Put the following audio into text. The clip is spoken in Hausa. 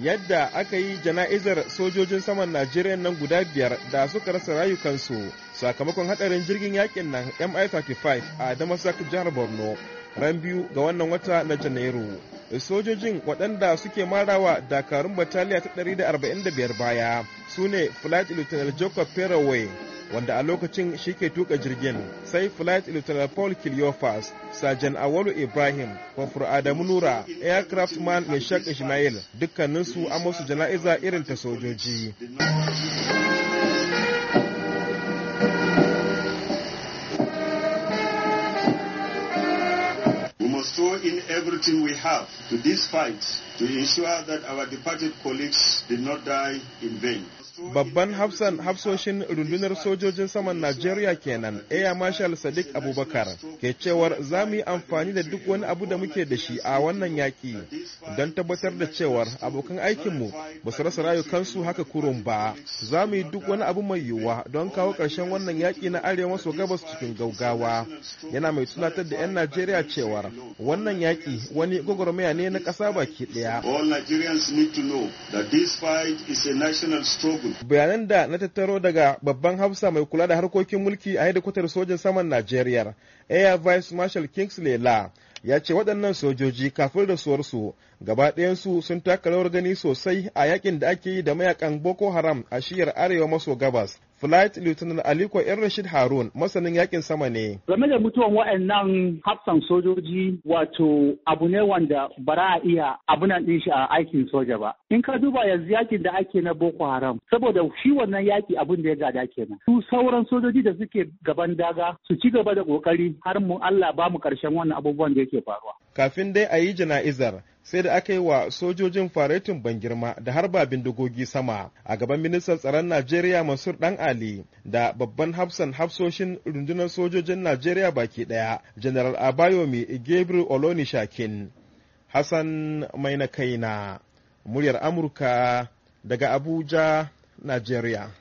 yadda aka yi jana'izar sojojin saman Najeriya nan guda biyar da suka rasa rayukansu sakamakon hadarin jirgin yakin nan MI-35 a Damasak jihar Borno ran biyu ga wannan wata na Janairu. Sojojin waɗanda suke marawa dakarun bataliya ta 145 baya su ne Flight Lieutenant Jacob wanda a lokacin shi ke tuka jirgin sai flight lieutenant paul kiliofas sajan awalu ibrahim kwafur adamu nura aircraft man ishaq ismail dukkaninsu an musu jana'iza irin ta sojoji throw in everything we have to this fight to ensure that our departed colleagues did not die in vain. Babban hafsoshin rundunar sojojin saman Najeriya kenan, Air Marshal Sadiq Abubakar, ke cewar za mu yi amfani da duk wani abu da muke da shi a wannan yaƙi don tabbatar da cewar abokan aikinmu ba su rasa rayukansu haka kurum ba za mu yi duk wani abu mai yiwuwa don kawo ƙarshen wannan yaƙi na arewa maso gabas cikin gaugawa yana mai tunatar da 'yan najeriya cewar wannan yaƙi wani gwagwarmaya ne na ƙasa baki ɗaya bayanan da na tattaro daga babban hafsa mai kula da harkokin mulki a hedikwatar sojan saman najeriya air vice marshal kingsley la ya ce waɗannan sojoji kafin rasuwarsu gaba ɗayansu sun taka rawar gani sosai a yakin da ake yi da mayakan boko haram a shiyar arewa maso gabas Flight Lieutenant Aliko ‘yan Rashid Harun masanin yakin sama ne. Game da mutuwan wa'annan hafsan sojoji wato abu ne wanda bara a iya abunan ɗin shi a aikin soja ba. In ka duba yanzu yakin da ake na Boko Haram saboda shi wannan yaki abin da ya gada kenan. Su sauran sojoji da suke gaban daga su ci gaba da ƙoƙari har mu Allah ba mu ƙarshen wannan abubuwan da yake faruwa. kafin dai a yi jana'izar sai da aka yi wa sojojin faretin ban girma da harba bindigogi sama a gaban ministan tsaron najeriya masur dan ali da babban hafsan hafsoshin rundunar sojojin najeriya baki daya general abayomi gabriel Oloni Shakin. hassan mai na kaina muryar amurka daga abuja najeriya